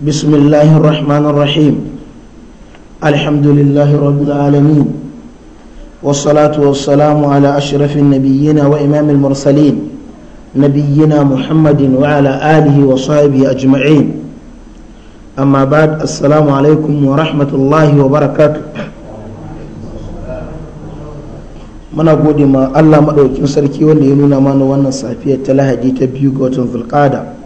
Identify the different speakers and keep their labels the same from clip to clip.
Speaker 1: بسم الله الرحمن الرحيم الحمد لله رب العالمين والصلاة والسلام على أشرف النبيين وإمام المرسلين نبينا محمد وعلى آله وصحبه أجمعين أما بعد السلام عليكم ورحمة الله وبركاته muna gode ma Allah maɗaukin sarki wanda ya nuna mana wannan safiyar ta lahadi ta biyu ga watan zulƙada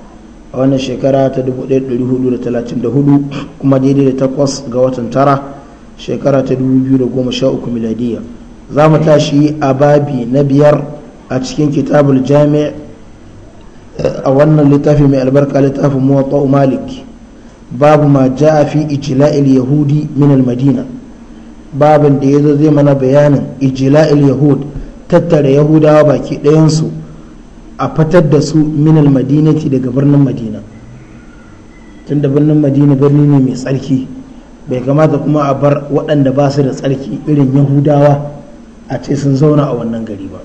Speaker 1: a wannan shekara ta 1434 kuma daidai da takwas ga watan tara shekara ta 2013 miladiya za mu tashi a babi na biyar a cikin kitabul jami' a wannan littafi mai albarka littafin muwatta malik babu ma ijila'il fi yahudi min madina babin da zo zai mana bayanin ijila'il yahud tattara yahudawa baki ɗayansu su a fitar da su minal madinati daga birnin madina tun da birnin madina birni ne mai tsarki bai kamata kuma a bar waɗanda ba su da tsarki irin yahudawa a ce sun zauna a wannan gari ba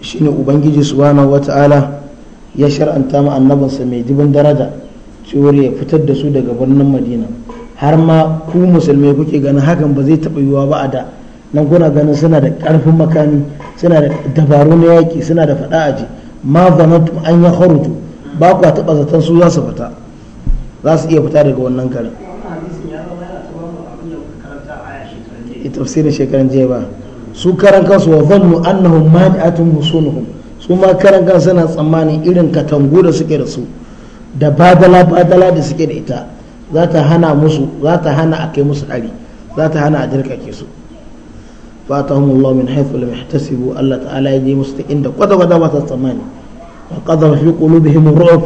Speaker 1: shine ubangiji subhanahu wata'ala ya shar'anta ma annabinsa mai jibin daraja cewar ya fitar da su daga birnin madina har ma ku musulmai kuke ganin hakan ba zai taɓa yiwuwa ba a da nan kuna ganin suna da karfin makami suna da dabaru na yaƙi suna da faɗa aji ma zanantum an ya kharuju ba ku taɓa zaton su za su fita za su iya fita daga wannan garin eh, tafsirin shekaran jiya ba su karan kansu wa zannu annahum mani'atun husunuhum su ma karan kansu suna tsammanin irin katangu da suke da su da badala badala da suke da ita za ta hana musu za ta hana a kai musu hari za ta hana a ke su فاتهم الله من حيث لم يحتسبوا الله تعالى يجي مستئن ده قد قد ما تتماني وقذف في قلوبهم الرعب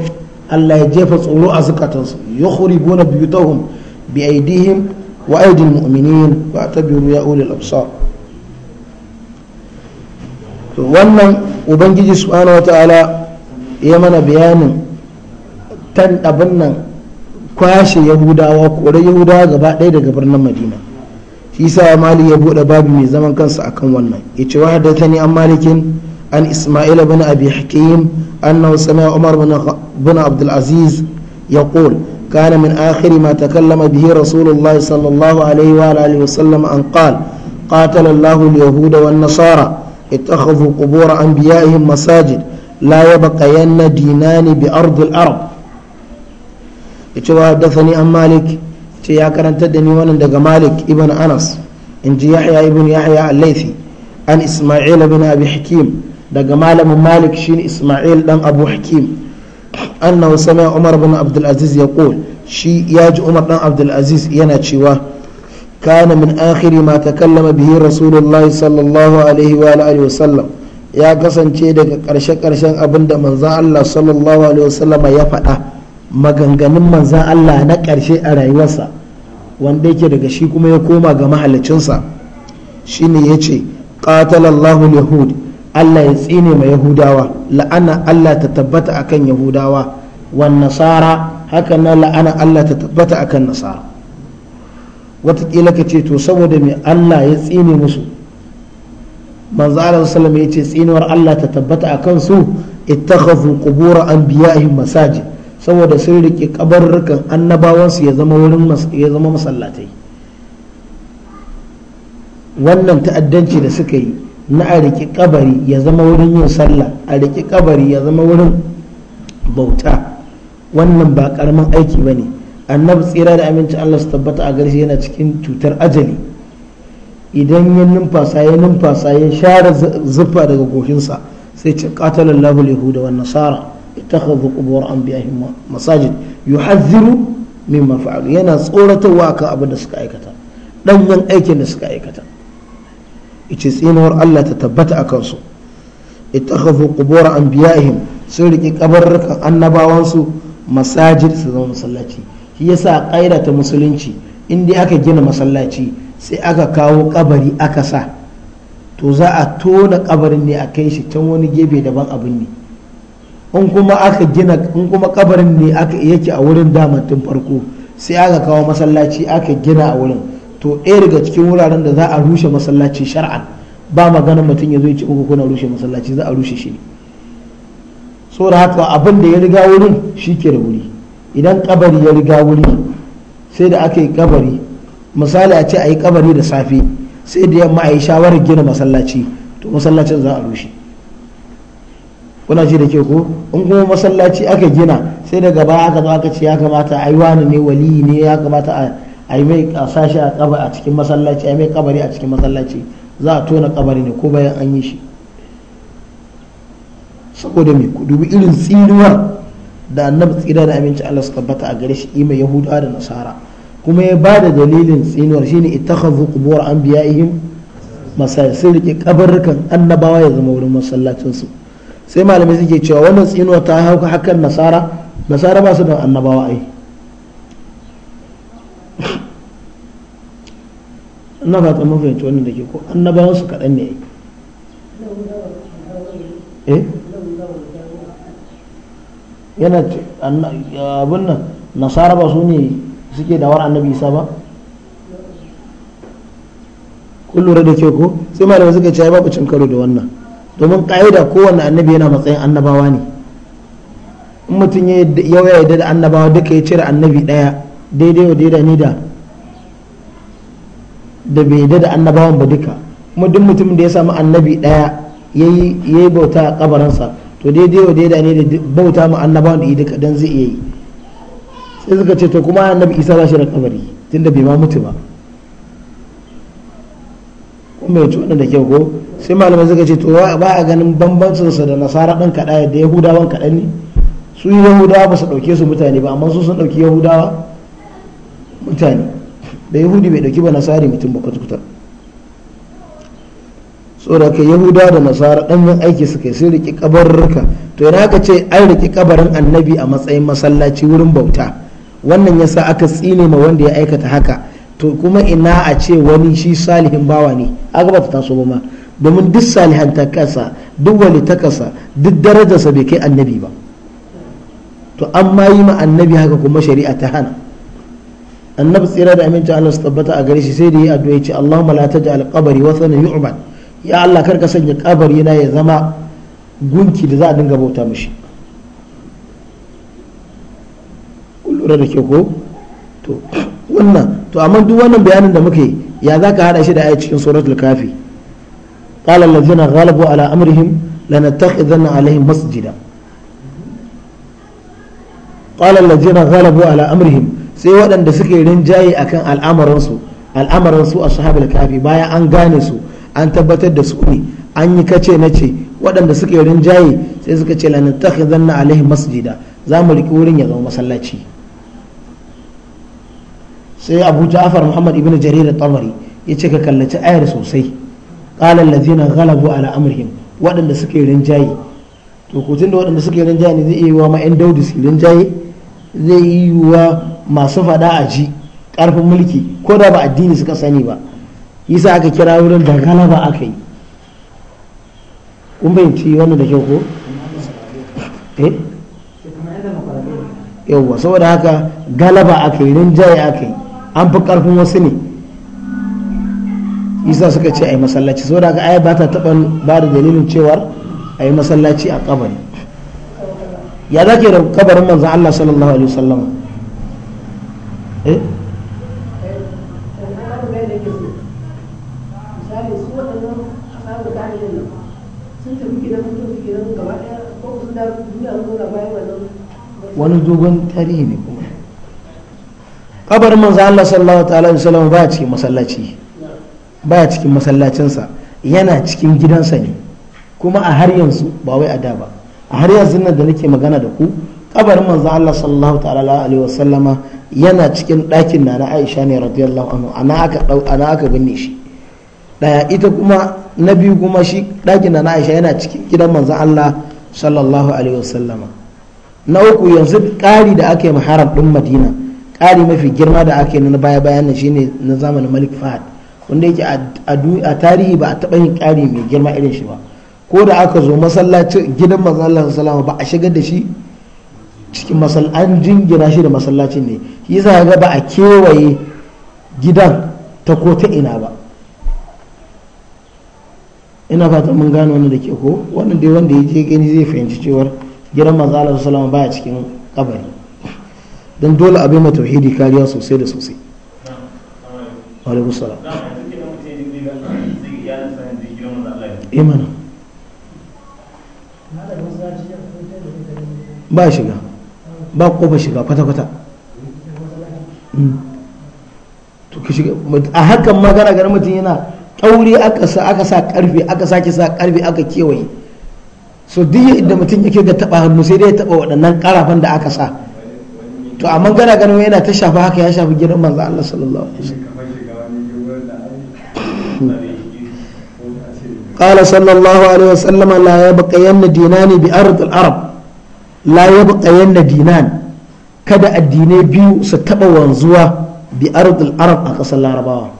Speaker 1: الله يجيف صورو أزكاتنس يخربون بيوتهم بأيديهم وأيدي المؤمنين واعتبروا يا أولي الأبصار wannan ubangiji subhanahu wa ta'ala ya mana bayanin tan abin nan kwashe yahudawa kore yahudawa gaba ɗaya daga birnin madina fi mali ya bude babu mai zaman kansa akan wannan yace wa da tani an malikin an isma'ila bin abi an na sami umar bin abdul aziz ya qul kana min akhir ma takallama bihi rasulullahi sallallahu alaihi wa alihi wa sallam an qala قاتل الله اليهود والنصارى اتخذوا قبور أنبيائهم مساجد لا يبقين دينان بأرض الأرض اتوا حدثني عن مالك ce ya karanta da ni wannan daga malik ibn anas in ji yahya ibn yahya al-laifi an isma'il ibn abi hakim daga malamin malik shine isma'il dan abu hakim annahu sami'a umar ibn abdul aziz yaqul shi ya ji umar dan abdul aziz yana cewa kana min آخر ma تكلم به رسول sallallahu alaihi wa عليه وآله وسلم يا قصن شيء دك قرشة قرشة أبن من الله صلى الله عليه وسلم maganganun manzan Allah na ƙarshe a rayuwarsa wanda yake daga shi kuma ya koma ga mahalicinsa shine ya ce ƙatalallahu yahud Allah ya tsine ma yahudawa la'ana Allah ta tabbata akan yahudawa wa nasara haka na la'ana Allah ta tabbata akan nasara watakila ka ce to saboda mai Allah ya tsine musu manzo Allah sallallahu alaihi ya ce tsinuwar Allah ta tabbata akan su ittakhadhu qubur anbiya'ihim masajid saboda sun riƙe kabarrukan annabawansu ya zama wurin ya zama masallatai wannan ta'addanci da suka yi na a riƙe kabari ya zama wurin yin sallah a riƙe kabari ya zama wurin bauta wannan ba ƙaramin aiki ba ne annabi tsira da aminci allah su tabbata a garshe yana cikin cutar ajali idan ya numfasa ya numfasa ya share zufa daga goshinsa sai ce katalallahu da wa nasara اتخذوا قبور انبيائهم مساجد يحذر مما فعلوا yana tsoratarwa kan abin da suka aikata danyen aikin da suka aikata ice tsinawar Allah ta tabbata a kansu ittakhadhu qubur anbiya'ihim sun riki kabarrukan annabawansu masajid su zama masallaci shi yasa kaida ta musulunci inda aka gina masallaci sai aka kawo kabari aka sa to za a tona kabarin ne a kai shi can wani gefe daban abin ne in kuma aka gina in kuma kabarin ne aka yake a wurin daman tun farko sai aka kawo masallaci aka gina a wurin to ɗaya daga cikin wuraren da za a rushe masallaci shar'an ba maganar mutum ya zo ci ce uku kuna rushe masallaci za a rushe shi ne saboda haka abin da ya riga wurin shi ke da wuri idan kabari ya riga wuri sai da aka yi kabari misali a ce a yi kabari da safe sai da yamma a yi shawarar gina masallaci to masallacin za a rushe kuna ji da ke ko in kuma masallaci aka gina sai daga baya aka zo aka ce ya kamata a yi wani ne wali ne ya kamata a yi mai a sashi a kabari a cikin masallaci a yi mai kabari a cikin masallaci za a tona kabari ne ko bayan an yi shi saboda mai dubi irin tsiruwar da annabi tsira da aminci Allah su tabbata a gare shi ima yahudawa da nasara kuma ya ba da dalilin tsinuwar shine ittakhadhu qubur anbiya'ihim masajid sai rike kabarrukan annabawa ya zama wurin masallacinsu. sai malamai suke cewa wannan tsinuwa ta hauka hakan nasara nasara ba su da annabawa ai ina ba ta mafi wannan da ke ko annabawan su kaɗan ne ai eh? yana ce abin nan nasara ba su ne suke da dawar annabi isa ba kun da ke ko sai malamai suka ce ya babu cin karo da wannan domin ƙa'ida kowanne annabi yana matsayin annabawa ne in mutum ya ya da annabawa duka ya cire annabi ɗaya daidai wa daidai ne da da bai yadda da annabawan ba duka kuma duk mutum da ya samu annabi ɗaya ya yi bauta a kabarinsa to daidai wa daidai ne da bauta ma annabawan da yi duka don zai iya yi sai suka ce to kuma annabi isa ba shi da kabari tunda bai ma mutu ba kuma ya cuɗa da kyau ko sai malamai suka ce to ba a ganin bambancinsa da nasara ɗan kaɗa da yahudawan kaɗan ne su yahudawa ba su ɗauke su mutane ba amma su sun ɗauki yahudawa mutane da yahudi bai ɗauki ba nasari mutum ba kwata-kwata saboda ka yahuda da nasara yin aiki suka yi sai riƙi kabarurruka to yana aka ce an riƙi kabarin annabi a matsayin masallaci wurin bauta wannan yasa aka tsine ma wanda ya aikata haka to kuma ina a ce wani shi salihin bawa ne aga ba ta taso ba ma domin duk salihan ta kasa duk wani ta kasa duk darajarsa bai kai annabi ba to an yi ma annabi haka kuma shari'a ta hana annabi tsira da aminci Allah su tabbata a gare shi sai da yi addu'a ya ce Allahumma la taj'al qabri wa sana yu'bad ya Allah kar ka sanya kabari na ya zama gunki da za a dinga bauta mishi lura da ke ko to wannan to amma duk wannan bayanin da muke ya za ka hada shi da ayi cikin suratul kafi qala allazina ghalabu ala amrihim lanattakhidanna alaihim masjida qala allazina ghalabu ala amrihim sai waɗanda suke rinjaye akan al'amarin su al'amarin su ashabul kafi bayan an gane su an tabbatar da su ne an yi kace na ce waɗanda suke rinjaye sai suka ce lanattakhidanna alaihim masjida za mu riƙi wurin ya zama masallaci sai abu ja'far muhammad ibn jarir tamari tabari ce ka kallaci ayar sosai qala allazina ghalabu ala amrihim waɗanda suke rinjaye to ko tunda waɗanda suke rinjaye ne zai yi wa ma'an daudi su rinjaye zai yi wa masu fada a ji karfin mulki ko da ba addini suka sani ba yasa aka kira wurin da galaba aka yi kun fahimci wannan da kyau ko eh yauwa saboda haka galaba aka yi rinjaye aka yi an fi karfin wasu ne isa suka ce a yi masallaci sau haka aya ba ta taɓa ba da dalilin cewar a yi masallaci a kabari ya za ke da kabarin manzan Allah sallallahu alaihi wasallam eh? wani dogon tarihi ne ko kabarin manzo Allah sallallahu ta'ala alaihi wasallam baya cikin masallaci ba cikin masallacinsa yana cikin gidansa ne kuma a har yanzu ba wai a da ba a har yanzu nan da nake magana da ku kabarin manzo Allah sallallahu ta'ala alaihi wasallama yana cikin ɗakin na na Aisha ne radiyallahu anhu ana aka dau ana aka binne shi daya ita kuma na biyu kuma shi ɗakin na na Aisha yana cikin gidan manzo Allah sallallahu alaihi wasallama na uku yanzu ƙari da aka yi maharam ɗin Madina ƙari mafi girma da aka yi na baya bayan shi ne na zamanin malik fahad wanda yake a tarihi ba a taɓa yin ƙari mai girma irin shi ba ko da aka zo masallacin gidan mazallar salama ba a shigar da shi cikin an jingina shi da masallacin ne shi yasa ga ba a kewaye gidan ta ko ta ina ba ina fata mun gane wani da ke ko wannan dai wanda ya je gani zai fahimci cewar gidan manzo salama ba a cikin kabari don dole abin mai tauhidi kariya sosai da sosai salam imana eh, ba shiga ba kofa shiga kwata-kwata hmm. a hakan magana ganin mutum yana ɗauri aka sa karfe aka sake sa karfe aka kewaye so duk yadda mutum yake ga taɓa hannu sai dai ya taɓa waɗannan ƙarafan da aka sa to amma gana ganin yana ta shafa haka ya shafi gidan manzo Allah sallallahu alaihi wasallam قال صلى الله عليه dinani لا يبقين دينان بأرض العرب لا يبقين دينان kada addinai biyu su taɓa wanzuwa bi ardul arab a ƙasar larabawa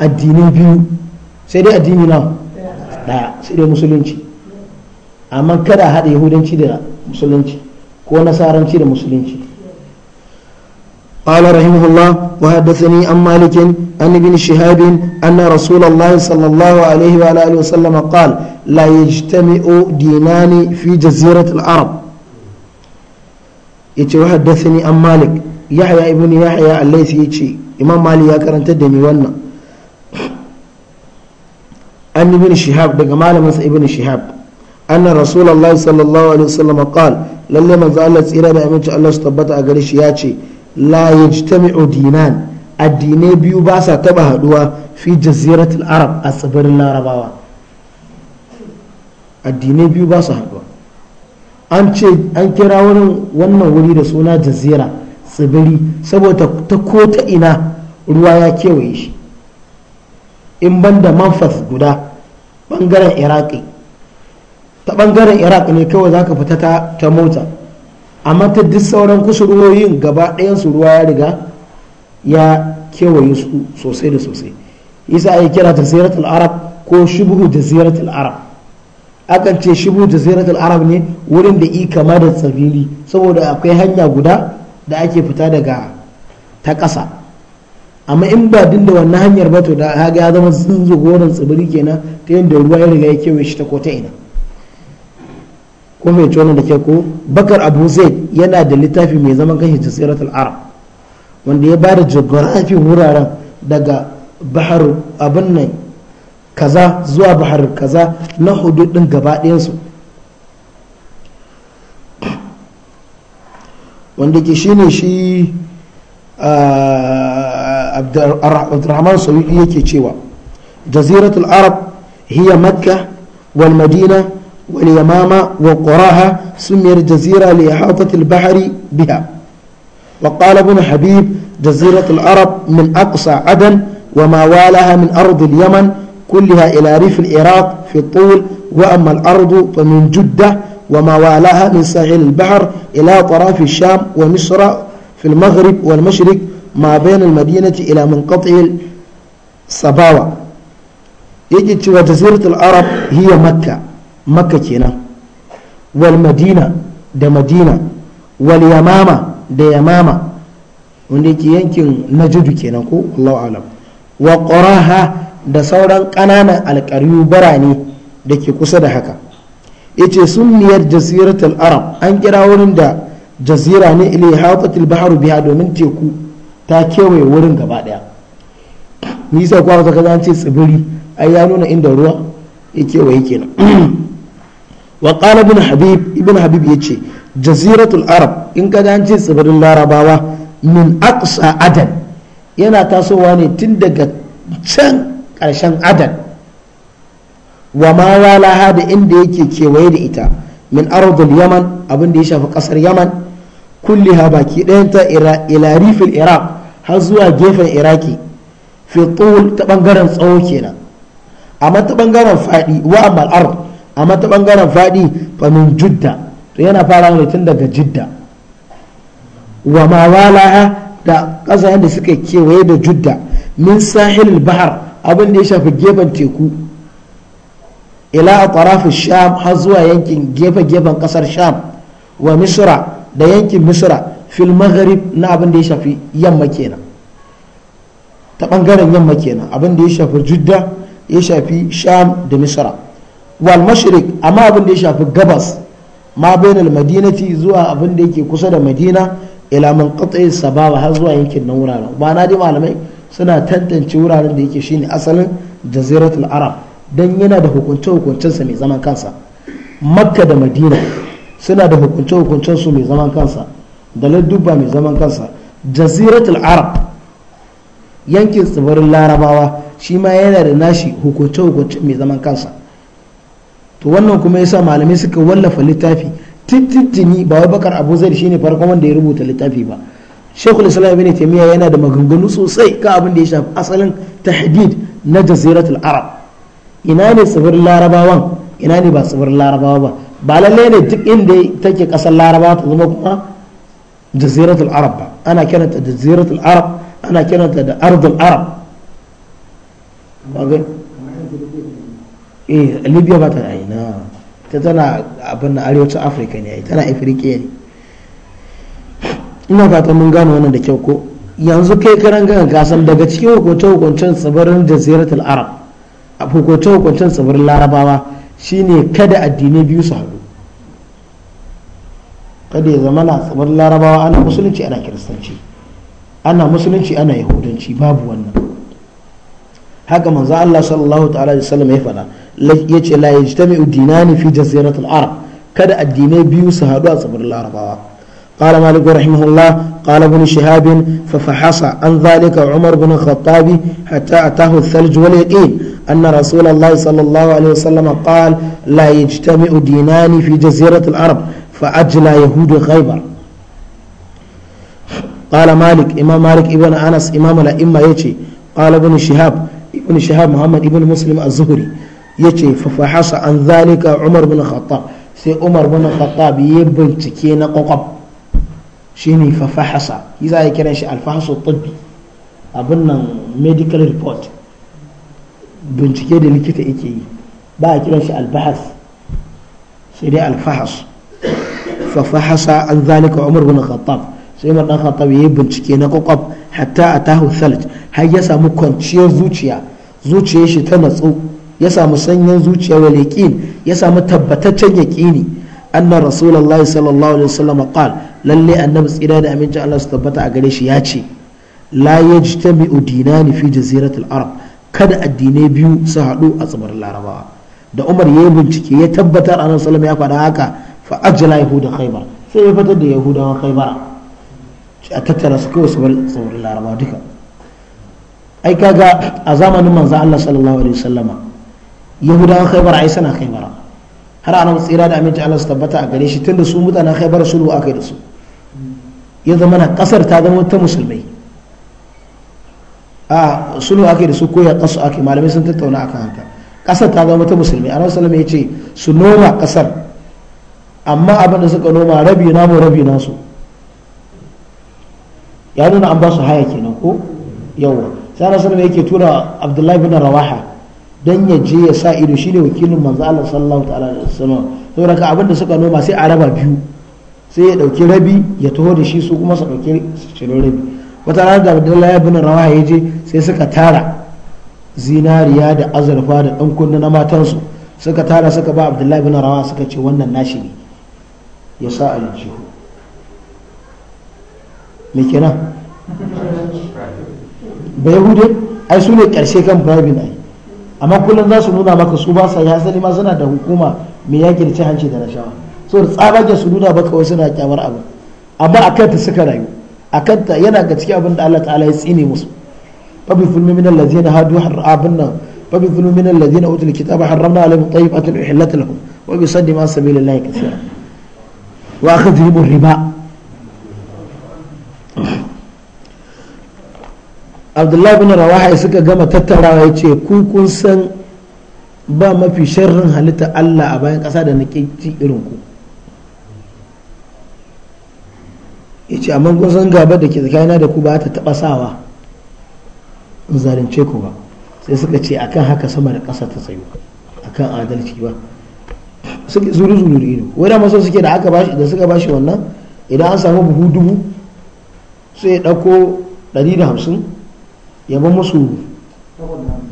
Speaker 1: addinai biyu sai dai addini na ɗaya sai dai musulunci amma kada a haɗa yahudanci da musulunci ko nasaranci da musulunci قال رحمه الله وحدثني عن مالك عن ابن شهاب أن رسول الله صلى الله عليه وآله وسلم قال لا يجتمع دينان في جزيرة العرب يتي وحدثني عن مالك يحيى ابن يحيى الليثي يتي إمام مالك يا كرنت الدنيا وانا أن ابن شهاب دقى مالك ابن شهاب anna rasulullahi sallallahu alaihi wasallam qal lalle manzo Allah tsira da aminci Allah su tabbata a gare shi ya ce la yajtami'u dinan addinai biyu ba sa taba haduwa fi jaziratul arab a tsibirin larabawa addinai biyu ba su haduwa an kira wurin wannan wuri da suna jazira tsibiri saboda ta ko ta ina ruwa ya kewaye shi in ban da manfas guda ɓangaren iraki ta bangaren iraq ne kawai za ka fita ta mota amma ta duk sauran kusurwoyin gaba ɗayan su ruwa ya riga ya kewaye su sosai da sosai isa ya kira ta ziyaratul arab ko shubuhu da ziyaratul arab akan ce shubuhu da ziyaratul arab ne wurin da i kama da tsibiri saboda akwai hanya guda da ake fita daga ta ƙasa amma in ba din da wannan hanyar ba to da ya zama zinzo goron tsibiri kenan ta yadda ruwa ya riga ya kewaye shi ta ko ta ina ko mai tona da ke ko bakar abu zaid yana da littafi mai zaman kan hijjasirat arab wanda ya ba da geographic wuraren daga bahar abin nan kaza zuwa bahar kaza na hududin gaba ɗayansu wanda ke shine shi abdurrahman sauyuki yake cewa jaziratul arab hiya makka wal madina واليمامة وقراها سمي الجزيرة لإحاطة البحر بها وقال ابن حبيب جزيرة العرب من أقصى عدن وما والها من أرض اليمن كلها إلى ريف العراق في الطول وأما الأرض فمن جدة وما والها من ساحل البحر إلى طرف الشام ومصر في المغرب والمشرق ما بين المدينة إلى منقطع الصباوة يجد جزيرة العرب هي مكة makka kenan wal madina da madina wal yamama da yamama wanda yake yankin najudu kenan ko Allahu alam wa qaraha da sauran ƙananan alƙaryu birane da ke kusa da haka yace sunniyar jaziratul arab an kira wurin da jazira ne ilai hatatul bahru biha domin teku ta kewaye wurin gaba daya nisa kwa ta kaza an ce tsibiri ai ya nuna inda ruwa ya kewaye kenan wa qala ibn habib ibn habib yace jaziratul arab in ka an tsibirin larabawa min aqsa adan yana tasowa ne tun daga can ƙarshen adan wa ma walaha da inda yake kewaye da ita min ardul yaman abin da ya shafi ƙasar yaman kulliha baki ɗayanta ila rifil iraq har zuwa gefen iraki fi ta bangaren tsawo kenan amma ta ɓangaren faɗi wa amal amma ta bangaren faɗi famin judda to yana fara ne tun daga jidda wa ma walaha da ƙasashen da suka kewaye da judda min sahil bahar abin da ya shafi gefen teku ila a tarafin sham har zuwa yankin gefe-gefen ƙasar sham wa misra da yankin misra fil maghrib na abin da ya shafi yamma kenan ta bangaren yamma kenan abin da ya shafi judda ya shafi sham da misra wal a amma abin da ya shafi gabas ma madina ci zuwa abin da yake kusa da madina ila man sababa har zuwa yankin nan wuraren ba na dai malamai suna tantance wuraren da yake shine asalin jaziratul arab dan yana da hukunce hukuncensa mai zaman kansa makka da madina suna da hukunce hukuncensu mai zaman kansa da ladduba mai zaman kansa jaziratul arab yankin tsibirin larabawa shi ma yana da nashi hukunce hukunce mai zaman kansa to wannan kuma yasa malamai suka wallafa littafi tititini ba wai bakar abu zai shine farkon wanda ya rubuta littafi ba shekul islam ibn taymiya yana da maganganu sosai ka abin da ya shafi asalin tahdid na jaziratul arab ina ne tsibirin larabawan ina ne ba tsibirin larabawa ba ba lalle ne duk inda take kasar larabawa ta zama kuma jaziratul arab ba ana kiranta jaziratul arab ana kiranta da ardul arab eh libya ba ta yi na ta tana abin na arewacin afirka ne tana afirka ne ina fata mun gano wannan da kyau ko yanzu kai karan gan kasan daga cikin hukunce-hukuncen tsibirin jaziratul arab a hukunce-hukuncen tsibirin larabawa shine kada addinai biyu su haɗu kada ya zama na tsibirin larabawa ana musulunci ana kiristanci ana musulunci ana yahudanci babu wannan haka manzo Allah sallallahu ta'ala alaihi wasallam ya faɗa yace la yajtami'u dinani fi jaziratil arab kada addinai biyu su haɗu a tsibirin larabawa قال مالك رحمه الله قال ابن شهاب ففحص عن ذلك عمر بن الخطاب حتى أتاه الثلج واليقين أن رسول الله صلى الله عليه وسلم قال لا يجتمع دينان في جزيرة العرب فأجلى يهود خيبر قال مالك إمام مالك ابن أنس إمام الأئمة يجي قال ابن شهاب ibn shahab muhammad ibn muslim az-zuhri yace fa fahasa an zalika umar bin khattab sai umar bin khattab ya bincike na kwakwab shine fa fahasa yasa ya kiran shi al-fahasu tibbi abin nan medical report bincike da likita yake yi ba a kiran shi al-bahas sai dai al-fahas fa fahasa an zalika umar bin khattab sai umar dan khattab ya bincike na kwakwab hatta atahu thalj har ya samu kwanciyar zuciya zuciyar shi ta natsu ya samu sanyin zuciya wal yaqin ya samu tabbataccen yaqini anna rasulullahi sallallahu alaihi wasallam qal lalle annabi tsira da aminci Allah su tabbata a gare shi ya ce la yajtami'u dinani fi jaziratul arab kada addinai biyu su haɗu a tsibirin larabawa da umar ya bincike ya tabbatar annabi sallallahu ya faɗa haka fa ajla yahuda khaybar sai ya fitar da yahudawan khaybara a tattara su kawai tsibirin larabawa duka ai kaga a zamanin manzo Allah sallallahu alaihi wasallama yahudawa khaybar ai sana khaybar har ana tsira da aminci Allah su tabbata a gare shi tunda su mutanen khaybar sulhu akai da su ya zama na kasar ta zama ta musulmai a sulhu akai da su ko ya kasu akai malamai sun tattauna akan haka kasar ta zama ta musulmai Allah sallallahu alaihi ya ce su noma kasar amma abin da suka noma rabi na mu rabi nasu ya nuna an ba su haya kenan ko yawa sai na sallama yake tura abdullahi bin rawaha dan ya je ya sa ido shine wakilin manzo Allah sallallahu ta'ala alaihi wasallam saboda ka abinda suka noma sai a raba biyu sai ya dauki rabi ya taho da shi su kuma su dauki ciro rabi wata rana da abdullahi bin rawaha ya je sai suka tara zinariya da azurfa da dan kunna na matansu suka tara suka ba abdullahi bin rawaha suka ce wannan nashi ne ya sa aljihu me kenan da yahude ai su ne karshe kan bribing ai amma kullum za su nuna maka su ba sa hasali ma suna da hukuma mai yaƙi da cin hanci da rashawa so da tsabagen su nuna ba kawai suna kyamar abu amma a kanta suka rayu a kanta yana ga cikin abin da Allah ta'ala ya tsine musu babu fulmi min allazina hadu harabun nan babu fulmi min allazina utul kitaba harramna alaihim tayyibatin uhillat lahum wa bi saddi ma sabilillahi kaseera wa akhadhihim riba abdullahi bin rawaha suka gama tattarawa ya ce ku kun san ba mafi sharrin halitta allah a bayan ƙasa da na ci irin ku ya ce amma kun san gaba da ke tsakanina da ku ba ta taɓa sawa in zalunce ku ba sai suka ce akan haka sama da ƙasa ta tsayo akan adalci ba suke zuri-zuri zuri ido wani maso suke da aka bashi da suka bashi wannan idan an samu buhu dubu sai ya ɗauko ɗari da hamsin ya ba musu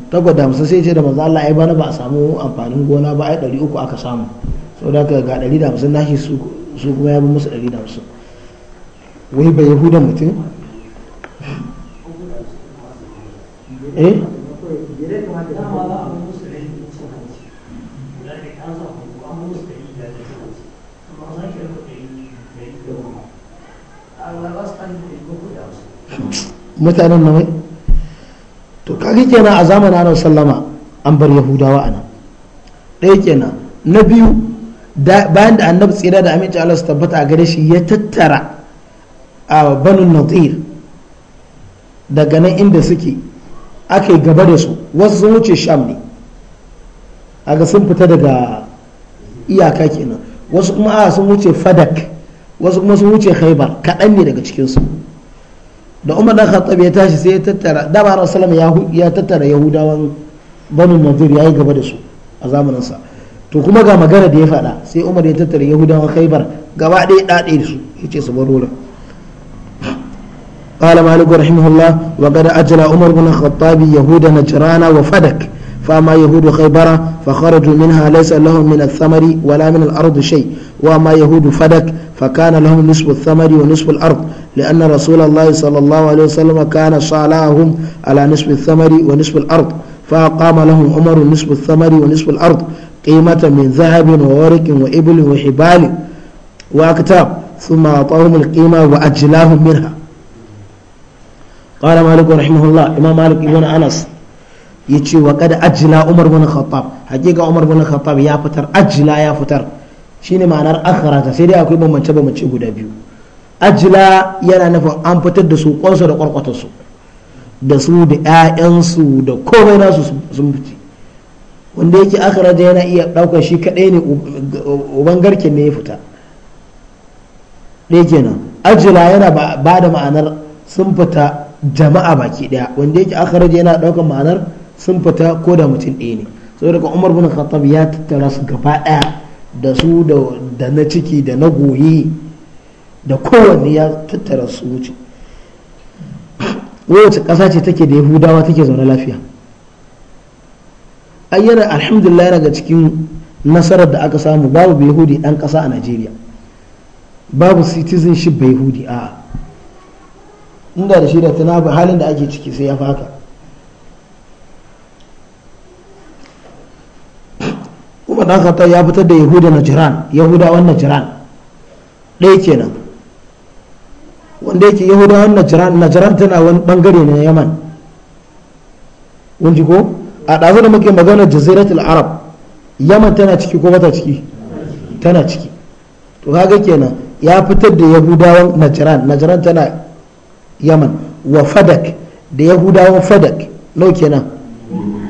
Speaker 1: tagwada hamsin sai ce da manzo Allah ai bana ba a samu amfanin gona ba ai ɗari uku aka samu da ka ga ɗari da na nashi su kuma ya ba musu ɗari da hamsin wai ba yahudan mutum eh? mutanen mutanen mai to kaga kenan a zamanin annabi sallama an bar yahudawa anan ɗaya kenan na biyu bayan da annabi tsira da aminci Allah su tabbata a gare shi ya tattara a banu nadir daga nan inda suke ake gaba da su wasu sun wuce sham ne aga sun fita daga iyaka kenan wasu kuma a sun wuce fadak wasu kuma sun wuce haibar kaɗan ne daga cikinsu da umar dan khattab ya tashi sai ya tattara dama rasulullah ya tattara yahudawan banu nadir yayi gaba da su a zamanin sa to kuma ga magana da ya faɗa sai umar ya tattara yahudawan khaybar gaba ɗaya ɗaɗe da su yace su bar wurin قال مالك رحمه الله وقد أجل عمر بن الخطاب يهود نجران وفدك فأما يهود خيبر فخرجوا منها ليس لهم من الثمر ولا من الأرض شيء وأما يهود فدك فكان لهم نصف الثمر ونصف الأرض لأن رسول الله صلى الله عليه وسلم كان صالحهم على نصف الثمر ونصف الأرض فأقام لهم عمر نصف الثمر ونصف الأرض قيمة من ذهب وورق وإبل وحبال وأكتاب ثم أعطاهم القيمة وأجلاهم منها قال مالك رحمه الله إمام مالك ابن أنس يتشي وقد أجلا عمر بن الخطاب حقيقة عمر بن الخطاب يا فتر أجلا يا فتر shine ma'anar akhraja sai dai akwai bambance bambance guda biyu ajila yana nufin an fitar da su kwansu da kwarkwatarsu da su da ƴaƴansu da komai nasu sun fice wanda yake akhraja yana iya ɗaukar shi kaɗai ne uban garken ne ya fita ɗaya kenan ajila yana ba da ma'anar sun fita jama'a baki ɗaya wanda yake akhraja yana ɗaukar ma'anar sun fita ko da mutum ɗaya ne saboda umar bin khattab ya tattara su gaba ɗaya da su da na ciki da na goyi da kowanne ya tattara su wuce wace ƙasa ce take da yahudawa take zaune lafiya ayyana alhamdulillah daga cikin nasarar da aka samu babu bai yahudi ɗan ƙasa a najeriya babu citizenship bai hudi a inda da shi da tana halin da ake ciki sai ya faka dan khattab ya fitar da yahuda najran yahudawan najran ɗaya kenan wanda yake yahudawan na jiran tana wani bangare na yaman kun ji ko a ɗazu da muke magana jaziratul arab yaman tana ciki ko bata ciki tana ciki to kaga kenan ya fitar da yahudawan na jiran tana yaman wa fadak da yahudawan fadak nau kenan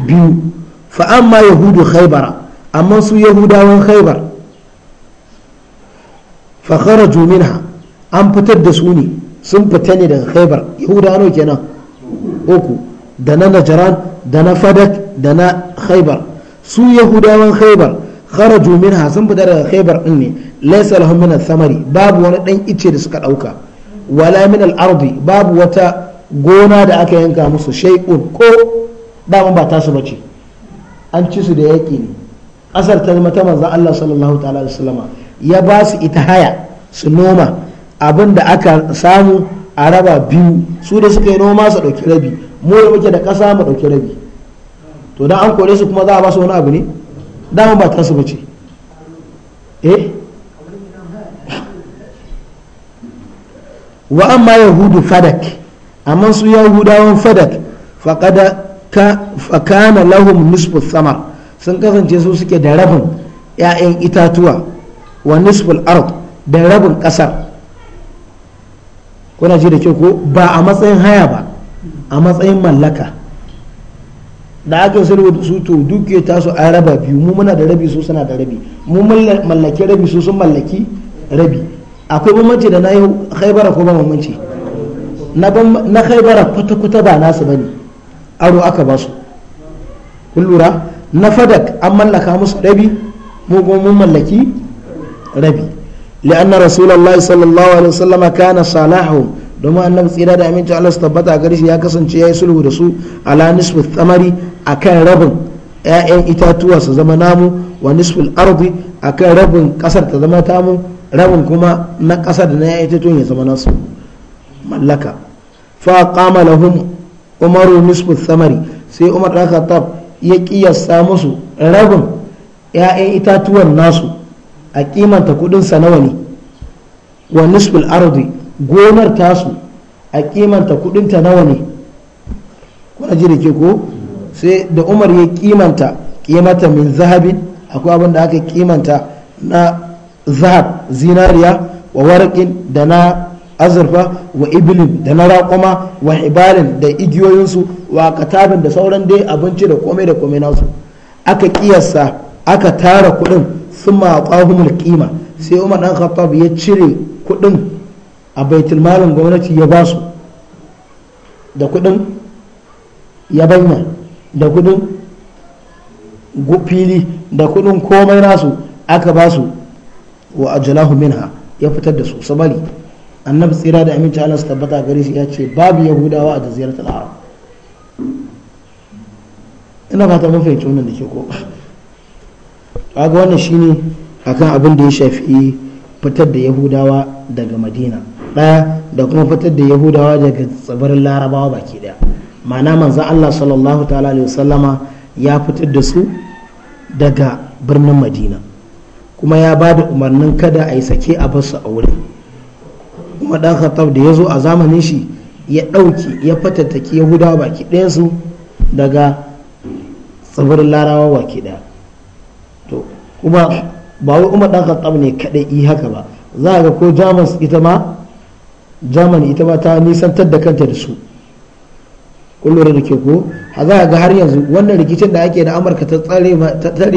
Speaker 1: biyu fa amma yahudu khaybara amma su yahudawan khaibar fakara minha an fitar da su ne sun fita ne daga khaibar yahudawa kenan uku da na najaran da na fadak da na khaibar su yahudawan khaibar kharaju minha sun fita daga haibar din ne laysa lahum min babu wani dan ice da suka dauka wala min al-ardi babu wata gona da aka yanka musu shay'un ko dama ba tasu bace an ci su da yaki ne ƙasar ta zama ta manzan Allah sallallahu ta'ala da sallama ya ba su ita haya su noma abin aka samu a raba biyu su da suka yi noma su ɗauki rabi mu da muke da ƙasa mu ɗauki rabi to dan an kore su kuma za a ba su wani abu ne dama ba ta su ba eh wa amma yahudu fadak amma su yahudawan fadak faqada ka fakana lahum nisbu samar sun kasance su suke da rabin 'ya'yan itatuwa wa nisful ard da rabin kasar kuna ji da kyau ko ba a matsayin haya ba a matsayin mallaka da aka sulhu su to duke ta su a raba biyu mu muna da rabi su suna da rabi mu mallaki rabi su sun mallaki rabi akwai bambanci da na yi haibara ko bambanci na haibara kwata-kwata ba nasu bane aro aka ba su kun lura na fadak an mallaka musu rabi mu kuma mun mallaki rabi li'an rasulullahi sallallahu alaihi wasallam kana salahum domin annabi tsira da aminci Allah su tabbata gare shi ya kasance yayi sulhu da su ala nisfu thamari akan rabin ƴaƴan itatuwa su zama namu wa nisful ardi akan rabin kasar ta zama tamu rabin kuma na kasar da na ƴaƴan itatuwan ya zama nasu mallaka fa qama lahum umaru nisfu thamari sai umar dan khattab ya kiyasta musu rabin 'ya'yan itatuwan nasu a kimanta kudinsa nawa ne wa nisbul ardi gonar tasu a kimanta kudinta nawa ne kuna ji da ko sai da umar ya kimanta kimata min zahabin akwai abin da aka kimanta na zahab zinariya wa warakin da na azurfa wa ibilin da na raƙuma wa ibalin da igiyoyinsu wa katabin da sauran dai abinci da komai da komai nasu aka kiyasta aka tara kudin sun maƙahumul kima sai umar ɗan khattab ya cire kudin a baitul malin gwamnati ya ba su da kudin kuɗin yabanya da kudin fili da kudin komai nasu aka ba su wa ajalahu minha ya fitar da su sabali annabi tsira da aminci Allah su tabbata gare shi ya ce babu yahudawa a jaziratul arab ina fata mun fahimci wannan da ke ko ba. ga wannan shine akan abin da ya shafi fitar da yahudawa daga madina daya da kuma fitar da yahudawa daga tsibirin larabawa baki daya ma'ana manzan Allah sallallahu ta'ala alaihi wasallama ya fitar da su daga birnin madina kuma ya ba da umarnin kada a yi sake a basu a wurin kuma dan da ya zo a zamanin shi ya ɗauke ya fatattaki yahudawa baki ɗayansu daga tsibirin larawa baki ɗaya to kuma ba wai umar dan khattab ne kaɗai yi haka ba za ga ko jamus ita ma jamani ita ma ta nisantar da kanta da su kullum da ke ko a za ga har yanzu wannan rikicin da ake da amurka ta tsare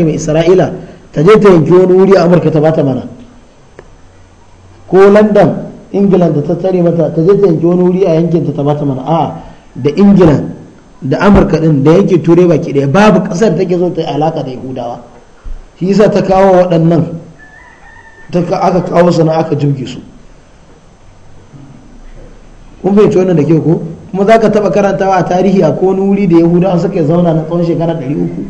Speaker 1: mai isra'ila ta je ta yanki wani wuri a amurka ta bata mana ko london ingilan da ta tsare mata ta je ta wani wuri a yankin ta ta bata mana a da ingilan da amurka din da yanke turai baki daya babu kasar take zo ta alaka da yahudawa shi yasa ta kawo waɗannan ta aka kawo sana aka jirgi su kun fahimci wannan da ke ko kuma za ka taɓa karantawa a tarihi a wani wuri da yahudawa suka zauna na tsawon shekara ɗari uku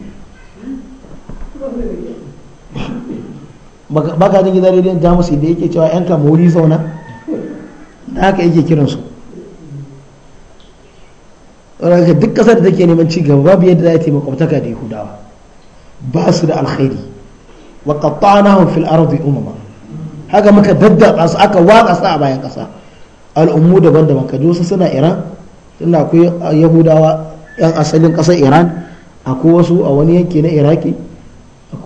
Speaker 1: baka jin gidan rediyon jamus da yake cewa yan kamori zauna haka yake kiransu ranka duk kasar da take neman ci gaba babu yadda za a yi makwabtaka da yahudawa ba su da alkhairi wa qattanahum fil ardi umama haka muka daddatsa su aka waka su a bayan kasa al'ummu daban-daban ka wasu suna iran tunda akwai yahudawa yan asalin kasar iran akwai wasu a wani yanki na iraki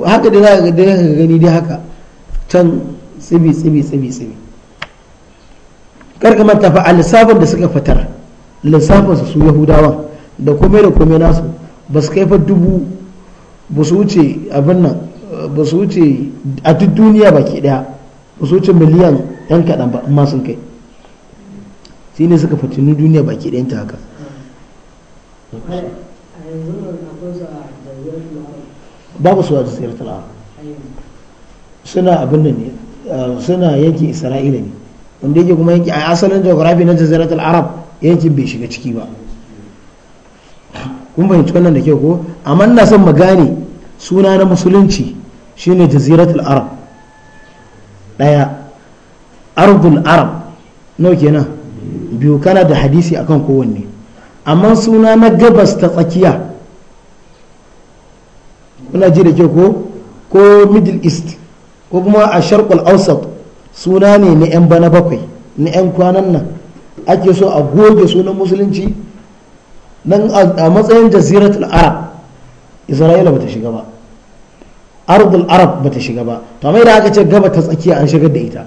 Speaker 1: haka da za ka gani dai haka can tsibi tsibi tsibi tsibi karka manta fa lissafin da suka fitar lissafin su yahudawa da komai da komai nasu ba su kai fa dubu ba su wuce abin nan ba su wuce a duk duniya baki daya ba su wuce miliyan yan kaɗan ba amma sun kai shi ne suka fitinu duniya baki ɗayan ta haka babu su wajen jasirar talawa suna abin nan ne suna yankin isra'ila ne wanda yake kuma yanki a asalin geography na jaziratul arab yankin bai shiga ciki ba kun fahimci wannan da kyau ko amma na son magani suna na musulunci shine jaziratul arab daya ardul arab no kenan biyu kana da hadisi akan kowanne amma suna na gabas ta tsakiya kuna ji da kyau ko ko middle east ko kuma a sharqul awsat suna ne na 'yan bana bakwai na 'yan kwanan nan ake so a goge sunan musulunci nan a matsayin jaziratul arab isra'ila bata shiga ba ardul arab bata shiga ba to mai da aka ce gaba ta tsakiya an shigar da ita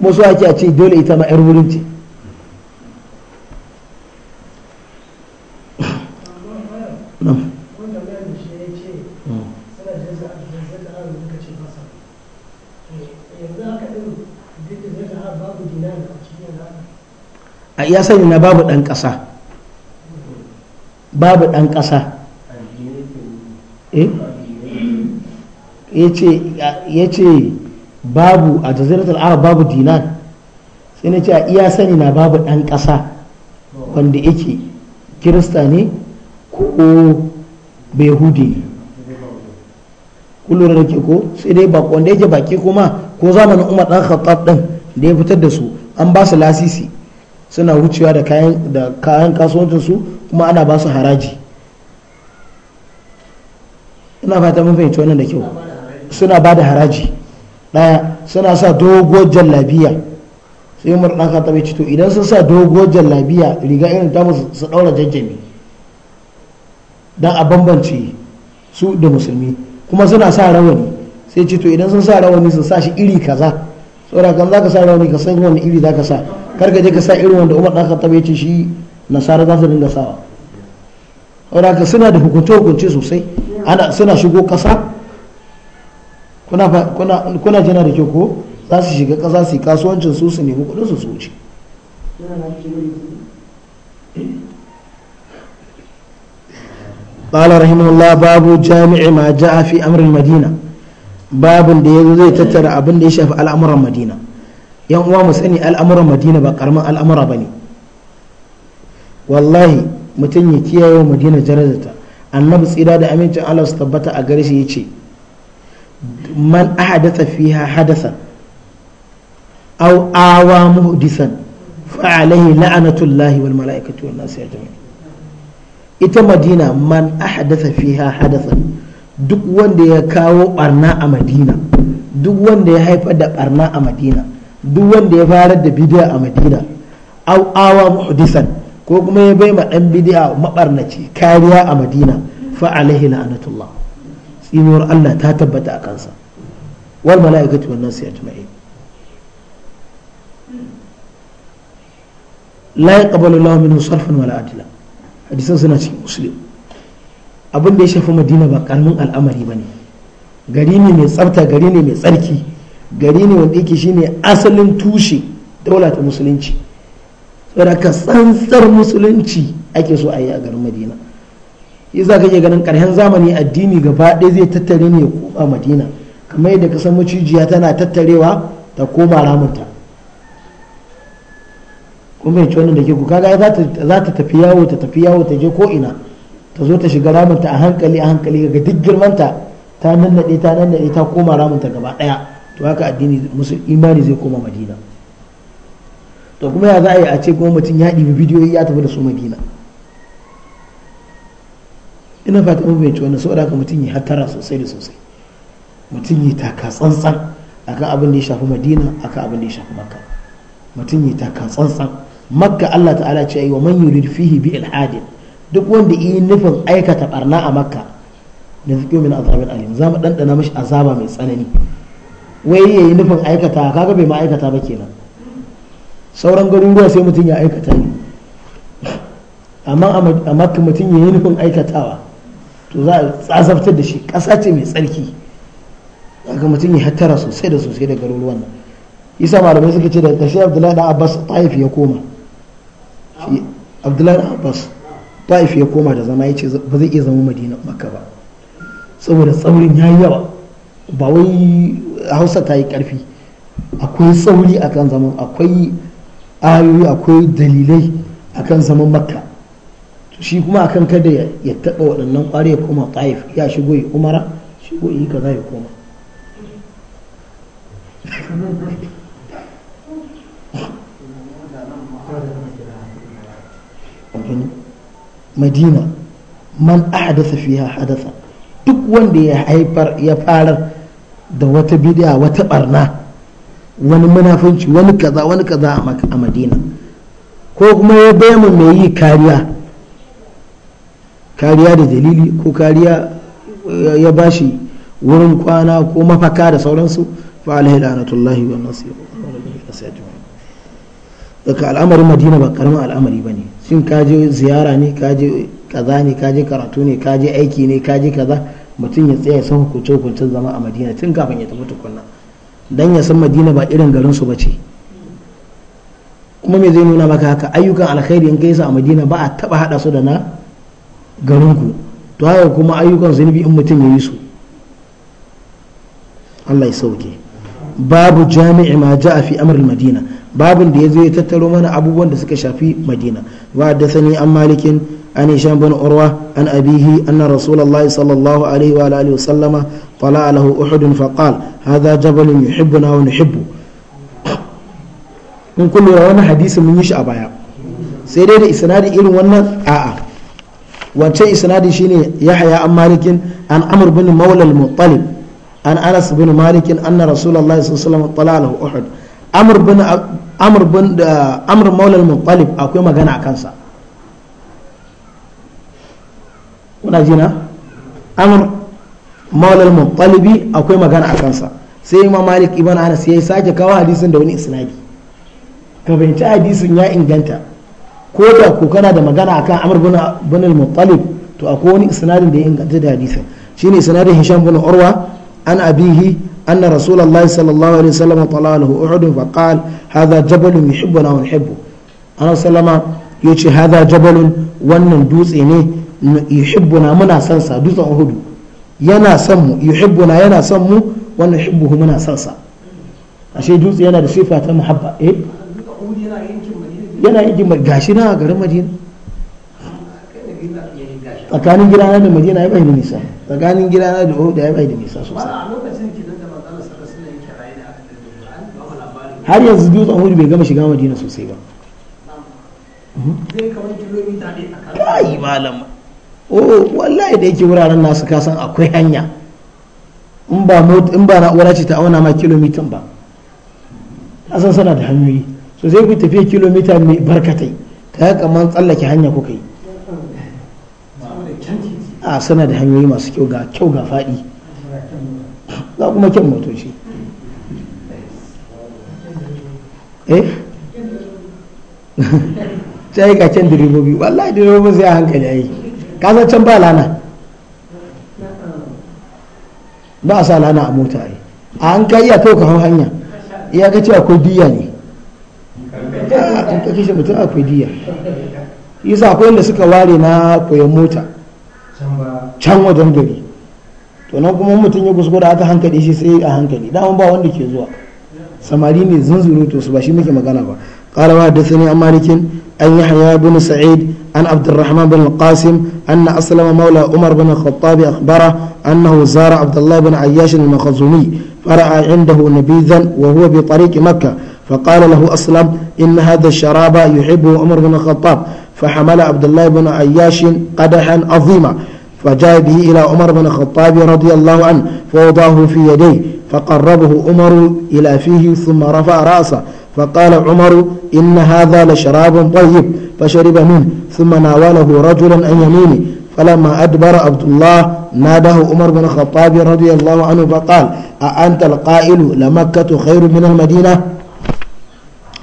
Speaker 1: kuma so ake a ce dole ita ma 'yar wurin ce ya sani na babu ɗan ƙasa babu ɗan ƙasa eh? ya ce babu a jaziratul arab babu dinan sai na ce a iya sani na babu ɗan ƙasa wanda yake kirista ne ko bai ne kullum da ke ko sai dai bako wanda yake baki kuma ko zamanin umar ɗan khattab ɗin da ya fitar da su an ba su lasisi suna wucewa da kayan da kayan kasuwancin su kuma ana ba su haraji ina fata mun fahimci wannan da kyau suna ba da haraji daya suna sa dogon jallabiya sai umar dan ka ya cito idan sun sa doguwar jallabiya riga irin ta su daura jajjami dan a bambance su da musulmi kuma suna sa rawani sai cito idan sun sa rawani sun sa shi iri kaza saboda kan ka sa rauni ka san wani iri za ka sa karka je ka sa irin wanda Umar dan Khattab ya ce shi nasara za su dinga sawa saboda ka suna da hukunce hukunce sosai ana suna shigo kasa kuna jana da kyau ko za su shiga kasa su yi kasuwancin su su nemi kudin su su wuce قال رحمه الله باب جامع ما جاء في أمر المدينة babin da ya zo zai tattara abin da ya shafi al'amuran madina yan uwa mu sani al'amuran madina ba karamin al'amura ba ne wallahi mutum ya kiyaye madina jarazata annabi tsira da amincin allah su tabbata a gare shi ya ce man ahadatha fiha hadasa aw awa muhdisan fa alaihi la'anatullahi wal mala'ikati wan nasi ajma'in ita madina man ahadatha fiha hadasa duk wanda ya kawo barna a madina duk wanda ya haifar da barna a madina duk wanda ya farar da bidiya a madina au awa muhdisan ko kuma ya bai ma dan bidiya mabarnaci kariya a madina fa alaihi la'anatullah tsinuwar Allah ta tabbata a kansa wal mala'ikatu wan nasi ajma'in la yaqbalu Allahu minhu sarfan wala adla hadisan suna cikin muslim abin da ya shafi madina ba karamin al'amari ba ne gari ne mai tsafta gari ne mai tsarki gari ne wanda yake shine asalin tushe daula ta musulunci saboda ka tsantsar musulunci ake so a yi a garin madina za kake ganin karshen zamani addini gaba ɗaya zai tattare ne ya koma madina kamar yadda ka san macijiya tana tattarewa ta koma ramunta kuma yace wannan da ke kuka ga za ta tafi yawo ta tafi yawo ta je ko ina ta zo ta shiga ramunta a hankali a hankali ga duk girmanta ta nannade ta nannade ta koma ramunta gaba daya to haka addini musulmi imani zai koma madina to kuma ya za a yi a ce kuma mutum ya ɗibi bidiyoyi ya tafi da su madina ina fata mun bai wannan saboda haka mutum ya hatara sosai da sosai mutum ya taka tsantsan akan abin da ya shafi madina akan abin da ya shafi makka mutum ya taka tsantsan makka Allah ta'ala ce yi wa man yurid fihi bi ilhadin duk wanda yi nufin aikata barna a makka na zikiyo min azabin alim za mu ɗanɗana mashi azaba mai tsanani wai yayi nufin aikata kaga bai ma aikata ba kenan sauran garuruwa sai mutum ya aikata ne amma a makka mutum ya yi nufin aikatawa to za a tsasaftar da shi ƙasa ce mai tsarki ga mutum ya hattara sosai da sosai da garuruwan nan isa malamai suka ce da ƙarshe abdullahi da abbas haifi ya koma abdullahi da abbas ta'if ya koma da zama ya ce ba zai iya zama madina maka ba saboda tsaurin ya yi yawa ba wai hausa ta yi karfi akwai tsauri akan zaman akwai ayoyi akwai dalilai akan zaman makka shi kuma akan kada ya taba waɗannan ƙwari ya koma ta'if ya shigo ya umara shigo yi kaza ya koma Thank you. madina man ahdasa fiha hadasa duk wanda ya haifar ya farar da wata bid'a wata barna wani munafunci wani kaza wani kaza a madina ko kuma ya bayyana mai yi kariya kariya da dalili ko kariya eh, ya bashi wurin kwana ko mafaka da sauransu fa alaihi lanatullahi wa nasiru daga al'amarin madina ba karamin al'amari ba ne shin ka je ziyara ne ka je kaza ne ka je karatu ne ka je aiki ne ka kaza mutum ya tsaya san hukunce hukuncen zama a madina tun kafin ya tafi tukunna dan ya san madina ba irin garin su bace kuma me zai nuna maka haka ayyukan alkhairi in kai a madina ba a taba hada su da na garin ku to haka kuma ayyukan zunubi in mutum ya yi su Allah ya sauke babu jami'i ma ja'a fi amr madina babin da ya zo ya tattaro mana abubuwan da suka shafi madina wa haddathani an malikin an hisham bin urwa an abihi anna rasulullahi sallallahu alaihi wa alihi wa sallama طلع له أحد فقال هذا جبل يحبنا ونحبه in kun lura wannan hadisi mun yi shi a baya sai dai da isnadi irin wannan a'a wancan isnadi shine yahya an malikin an amr bin maula al-muttalib an anas bin malikin anna rasulullahi sallallahu alaihi wa sallam tala lahu uhud amur bin amr maulal muttalib akwai magana a kansa kuna ji na amr maulal muttalibi akwai magana a kansa sai imam malik ibn anas yi sake kawo hadisin da wani isnadi ka fahimci hadisin ya inganta ko da ko kana da magana akan amr bin bin muttalib to akwai wani isnadin da ya inganta da hadisin shine isnadin hisham bin urwa an abihi أن رسول الله صلى الله عليه وسلم طلع له أحد فقال هذا جبل يحبنا ونحبه أنا سلم يجي هذا جبل ون دوس إني يحبنا منا سنسا دوس أحد ينا سمو يحبنا ينا سمو ونحبه منا سنسا أشي دوس ينا صفة محبة إيه yana yin jimar gashi na a garin madina tsakanin gidana da madina ya bai da nisa tsakanin gidana da ohuda ya bai da nisa sosai har yanzu dutsen hudu bai gama shiga madina sosai ba kai malam oh, oh wallahi da yake wuraren nasu kasan akwai hanya in ba in ba na'ura ce ta auna ma kilomitan ba asan sana da hanyoyi so sai ku tafi kilomita mai barkatai ta kamar tsallake hanya kuka yi a ah, sana da hanyoyi masu kyau ga kyau faɗi ga kuma kyan motoci eh sai ka can direbobi wallahi direbobi sai a hankali ai ka san can ba lana ba a sa lana a mota ai a an ka iya kawai ka hau hanya iya ka ce akwai diya ne an ka shi mutum akwai diya yasa akwai wanda suka ware na koyon mota can wajen gari to nan kuma mutum ya kuskura aka hankali shi sai a hankali dama ba wanda ke zuwa samari mai zunzuru to ba shi muke magana ba qarawa da sani amarikin an yahya bin sa'id an abdurrahman bin qasim anna aslama maula umar bin khattab akhbara annahu zara abdullah bin ayyash al makhzumi inda indahu nabizan wa huwa bi tariq makkah فقال له أسلم إن هذا الشراب يحبه عمر بن الخطاب فحمل عبد الله بن عياش قدحا عظيما فجاء به إلى عمر بن الخطاب رضي الله عنه فوضعه في يديه فقربه عمر إلى فيه ثم رفع رأسه فقال عمر إن هذا لشراب طيب فشرب منه ثم ناوله رجلا عن يمينه فلما أدبر عبد الله ناده عمر بن الخطاب رضي الله عنه فقال أأنت القائل لمكة خير من المدينة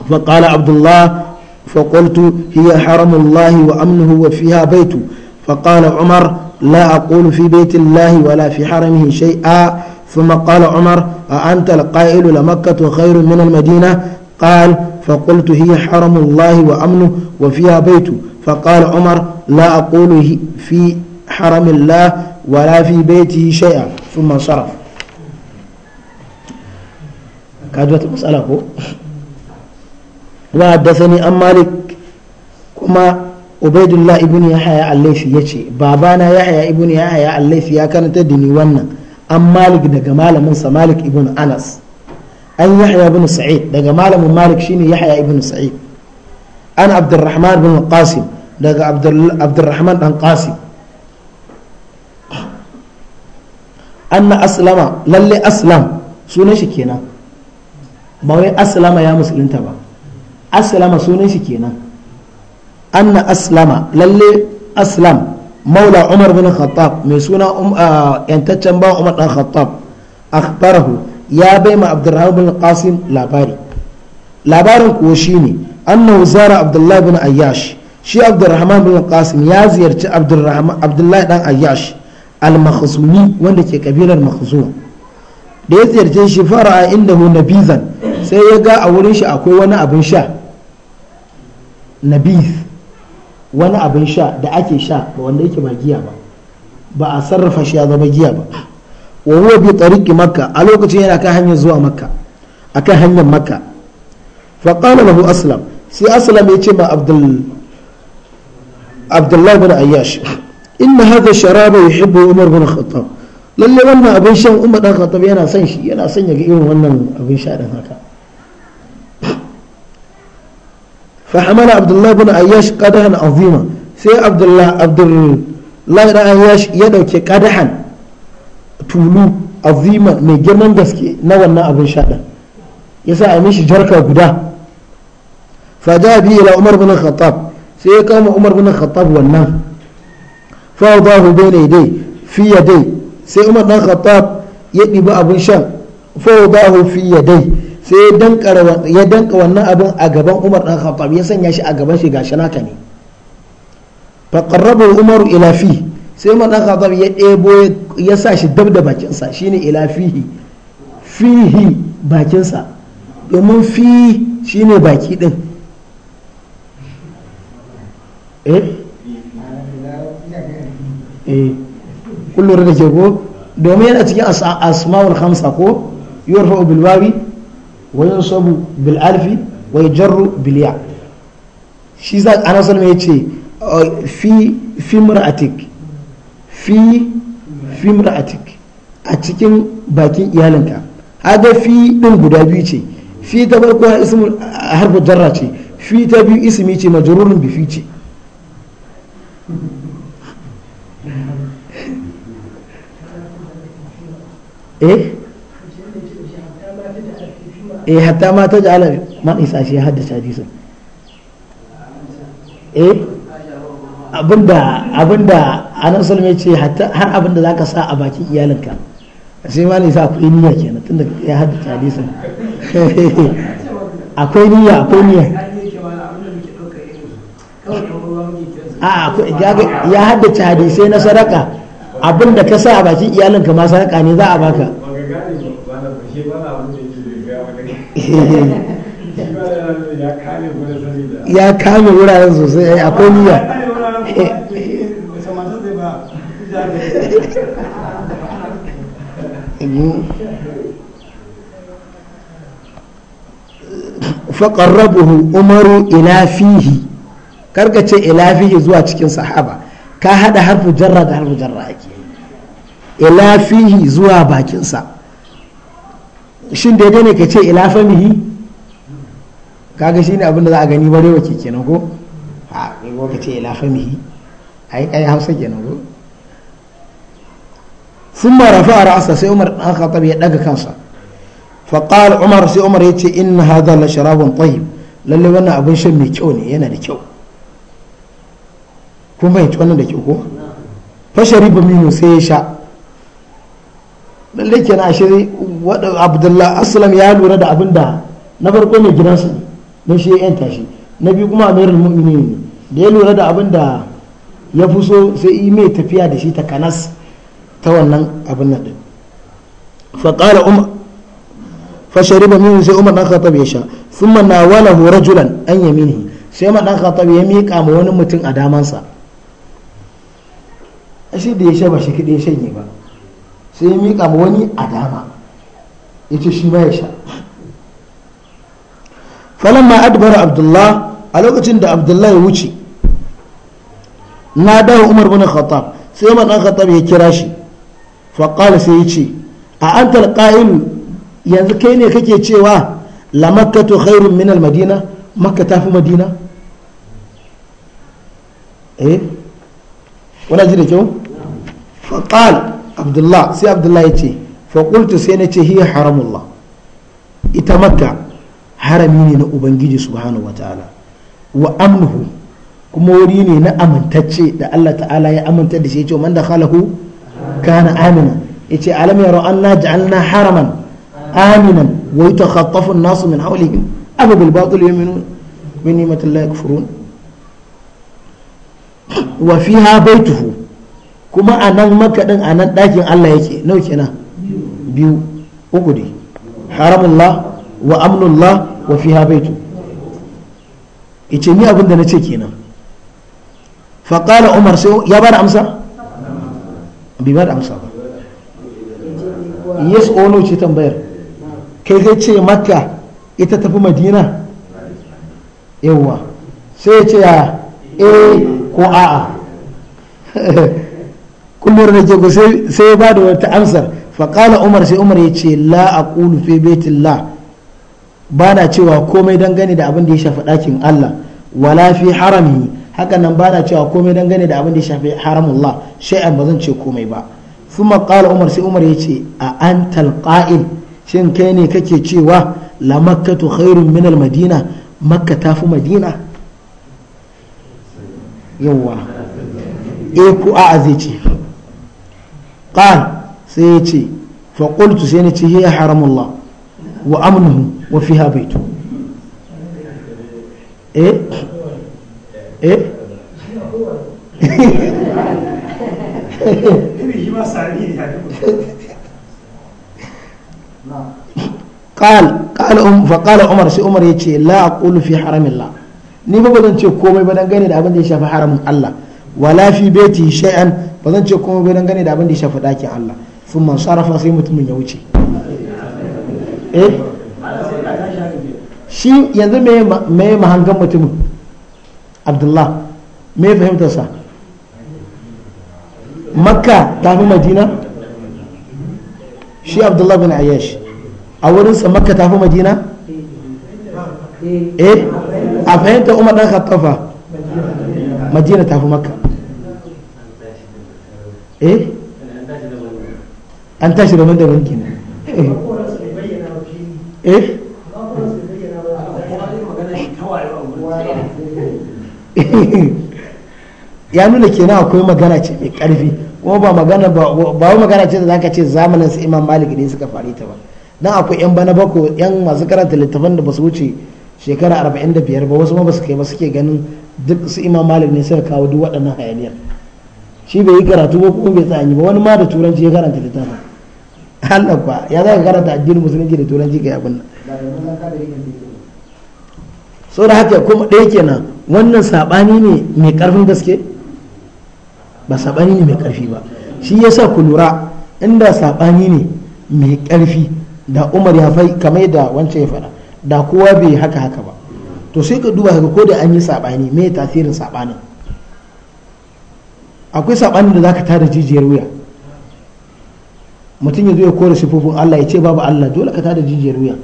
Speaker 1: فقال عبد الله فقلت هي حرم الله وأمنه وفيها بيت فقال عمر لا أقول في بيت الله ولا في حرمه شيئا ثم قال عمر أأنت القائل لمكة خير من المدينة قال فقلت هي حرم الله وأمنه وفيها بيت فقال عمر لا أقول في حرم الله ولا في بيته شيئا ثم انصرف كادت المسألة وحدثني أم مالك كما ubaidullah ibn yahya al-laifi yace babana yahya ibn yahya al-laifi ya karanta da ni wannan an malik daga malamin sa malik ibn anas an yahya ibn sa'id daga malamin malik shine yahya ibn sa'id an abdurrahman ibn qasim daga abdurrahman dan qasim anna aslama lalle aslam sunan shi kenan ba wai aslama ya musulunta ba aslama sunan shi kenan anna aslama lalle aslam maula umar bin khattab mai suna um, ah, yantaccen ba umar dan khattab akhbarahu ya bai ma abdurrahman bin qasim labari labarin kuwa shine annahu zara abdullahi bin ayyash shi abdurrahman bin qasim ya ziyarci abdullahi dan ayyash al-makhzumi wanda ke kabilar makhzum da ya ziyarce shi fara inda hu nabizan sai ya ga a wurin shi akwai wani abin sha nabiz wani abin sha da ake sha ba wanda yake ba giya ba ba a sarrafa shi ya zama giya ba wa huwa bi tariqi makka a lokacin yana kan hanyar zuwa makka akan hanyar makka fa qala lahu aslam sai aslam ya ce ma abdul abdullahi bin ayyash inna hadha sharaba yuhibbu umar bin khattab lalle wannan abin shan umar dan khattab yana son shi yana son ya ga irin wannan abin sha din haka فحمل عبد الله بن عياش قدحا عظيما سي عبد الله عبد الله بن عياش يدوك tulu azima mai girman gaske na wannan abin shaɗa ya sa a mishi jarka guda faja bi ila umar bin khattab sai ya kama umar bin khattab wannan fa wadahu bayna yaday fi yaday sai umar bin khattab ya ɗiba abin shan fa wadahu fi yaday sai ya danka wannan abin a gaban umar dan khattab ya sanya shi a gaban shi gashi naka ne faƙarrabar qarraba umar ila fi sai umar dan khattab ya ɗebo ya sa shi dab da bakinsa shine ila ilafihi fihi bakinsa domin fi shi ne baki din eh? eh. kullum da ke ko domin yana cikin asma'ul hamsa ko yurfa bil wawi وينصب بالالف ويجر بالياء shi za a nasar mai ce fi fimra'atik fi fimra'atik a cikin bakin iyalinka haga fi ɗin guda biyu ce fi ta farko ismul harfu jarra fi ta biyu ismi ce majrurun bi eh hatta ma ta jala man isa shi haddace hadisin eh abinda abinda anan sulme ce har abinda zaka sa a bakin iyalinka sai ma isa akwai niyya kenan tunda ya haddace hadisin akwai niyya akwai niyya a ya haddace hadisai na sadaka abinda ka sa a bakin iyalinka ma sadaka ne za a baka ya kame wuraren sosai akwai niyya faƙarrabuhu umaru ila fihi karka ce ila fihi zuwa cikin sahaba ka hada harfu jarra da harfu jarra ake ila fihi zuwa bakinsa shin daidai ne ka ce ila famihi kaga shi ne abinda za a gani barewa ke kenan ko a ko ka ce ila famihi yi kai hausa kenan ko sun ma a ra'asa sai umar ɗan khatab ya ɗaga kansa Faƙar umar sai umar ya ce inna hada la sharabun tayyib lalle wannan abin shan mai kyau ne yana da kyau kun fahimci wannan da kyau ko fa shariba minhu sai ya sha lalle kenan ashe abdullah aslam ya lura da abin da na farko mai gidansa ne don shi ya yanta shi na biyu kuma amirul mu'mini ne da ya lura da abin da ya fi so sai yi mai tafiya da shi ta kanas ta wannan abin nan din faƙala umar fashariba min sai umar ɗan khattab ya sha wala nawalahu julan an yi mini sai umar ɗan khattab ya miƙa ma wani mutum a damansa ashe da ya sha ba shi kide ya shanye ba sai ya miƙa ma wani a dama ya ce shi ba ya sha falamma adbara abdullah a lokacin da abdullah ya wuce na dawo umar bin khattab sai umar dan khattab ya kira shi faƙala sai ya ce a antar ƙa'il yanzu kai ne kake cewa la makkatu khairun min madina makka tafi madina eh wani ji da kyau faƙal abdullah sai abdullah ya ce faƙultu sai na ce hiya haramullah ita makka harami ne na ubangiji subhanahu wataala wa amnuhu kuma wuri ne na amintacce da Allah ta'ala ya aminta da shi ya ce man dakhalahu kana amina yace alam yaro anna ja'alna haraman aminan wa yatakhatafu an-nasu min hawlihim afa bil batil yu'minun min ni'matillahi yakfurun wa fiha baituhu kuma anan maka a nan dakin Allah yake nau kenan biyu uku ne haramunla wa amnunla wa fi habaitu ice ni abin da na ce kenan faƙala umar sai ya ba da amsa bi ba da amsa ba yes ono no ce tambayar kai zai ce maka ita tafi madina yawwa sai ya ce ya a eh ko a'a kullum na jego sai ya ba da wata amsar faƙala umar sai umar ya ce la a ƙulu fi baitillah ba na cewa komai dangane da abin da ya shafi ɗakin allah wala fi harami haka nan ba na cewa komai dangane da abin da ya shafi haramullah shay'an ba zan ce komai ba sun maƙala umar sai umar ya ce a an talƙa'in shin kai ne kake cewa la makkatu khairun min madina makka ta fi madina yawwa e ku a'a ce sai ya ce faƙultu sai na ce hiya haramullah wa amnuhu wa fiha baitu eh eh قال قال أم فقال عمر سي عمر يجي لا أقول في حرم الله ni ba bazan ce komai ba dangane da abin da ya shafi haramun Allah wala fi baiti shay'an bazan ce komai ba da da ya dakin Allah sun man sarrafa sai mutumin ya wuce eh shi yanzu mai ya mahangan mutumin abdullah mai ya fahimtarsa makka ta fi madina shi abdullah bin ayyash
Speaker 2: a wurinsa makka ta fi madina eh
Speaker 1: a fahimta umar dan khattafa madina ta fi makka eh an tashi da daban kenan eh ya nuna kenan akwai magana ce mai karfi kuma ba magana ba ba magana ce da zaka ce zamanin su Imam Malik ne suka fare ta ba dan akwai yan bana bako yan masu karanta littafan da ba su wuce shekara 45 ba wasu ma ba su kai ba suke ganin duk su Imam Malik ne suka kawo duk waɗannan hayaniyar shi bai yi karatu ba kuma bai tsanyi ba wani ma da turanci ya karanta littafin Allah ba ya za ka karanta addinin musulunci da turanci ga abin nan sau da haka kuma ɗaya kenan wannan saɓani ne mai ƙarfin gaske ba saɓani ne mai ƙarfi ba shi ya sa ku lura inda saɓani ne mai ƙarfi da umar ya fai kamar da wancan ya faɗa da kowa bai haka haka ba to sai ka duba haka ko da an yi saɓani mai tasirin saɓanin akwai saɓanin da za ka tada jijiyar wuya mutum ya zo ya kore sifofin Allah ya ce babu Allah dole ka tada jijiyar wuya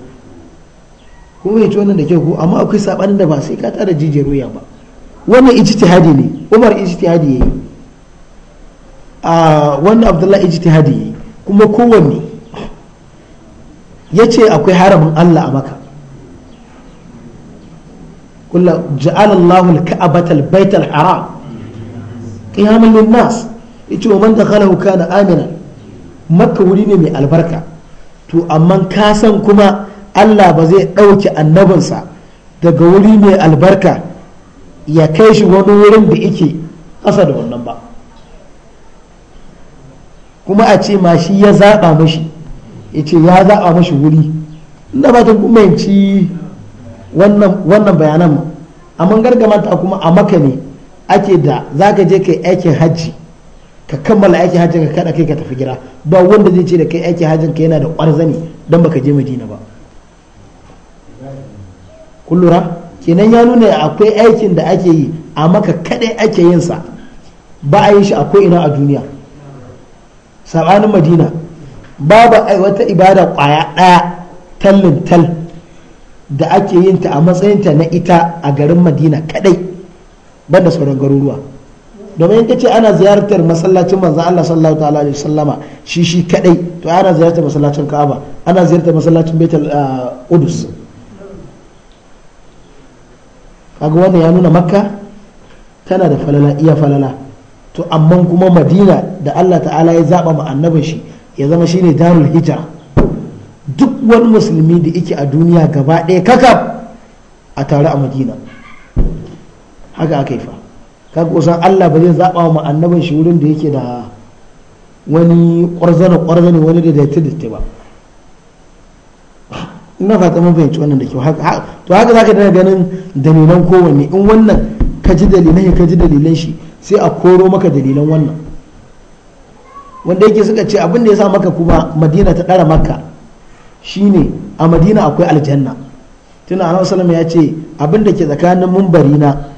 Speaker 1: kuma ya ci da kyau ko amma akwai sabanin da ba sai ka tada jijiyar wuya ba wannan ijtihadi ne Umar ijtihadi yayi a wannan Abdullahi ijtihadi yayi kuma kowanne ya ce akwai haramin Allah a maka kula ja'ala Allahu al-ka'bata al-bayt al-haram qiyaman lin-nas yace wa man dakhalahu kana aminan makka wuri ne mai albarka to amma ka san kuma allah ba zai ɗauke annabinsa daga wuri mai albarka ya kai shi wani wurin da yake ƙasa da wannan ba kuma a ce ma shi ya zaɓa mashi ya ce ya zaɓa mashi wuri inda ba ta kuma wannan bayanan amma gargamata kuma a maka ne ake da za ka je kai aikin hajji ka kammala aiki hajjin ka kada kai ka tafi gida ba wanda zai ce da kai aiki hajjin ka yana da ƙwarzani dan baka je madina ba kullura kenan ya nuna akwai aikin da ake yi a maka kadai ake yin sa ba a yi shi akwai ina a duniya sabanin madina babu wata ibada kwaya daya tallin tal da ake yin ta a matsayinta na ita a garin madina kadai banda sauran garuruwa domin in ce ana ziyartar masallacin manzon Allah sallallahu ta'ala alaihi sallama shi shi kadai to ana ziyartar masallacin Ka'aba ana ziyartar masallacin Baitul Qudus uh, kaga wannan ya nuna Makka tana da falala iya falala to amma kuma Madina da Allah ta'ala ya zaba ma annabin shi ya zama shine darul hijra duk wani musulmi da yake a duniya gaba ɗaya kakaf a tare a Madina haka aka yi fa kaga kusan Allah ba zai zaɓa wa annabin shi wurin da yake da wani ƙwarzana ƙwarzana wani da da ta ba ina fata mun fahimci wannan da kyau haka to haka za ka dana ganin dalilan kowanne in wannan ka ji dalilan ka ji dalilan shi sai a koro maka dalilan wannan wanda yake suka ce abin da ya sa maka kuma madina ta ɗara maka shine a madina akwai aljanna tuna annabi ya ce abin da ke tsakanin mumbari na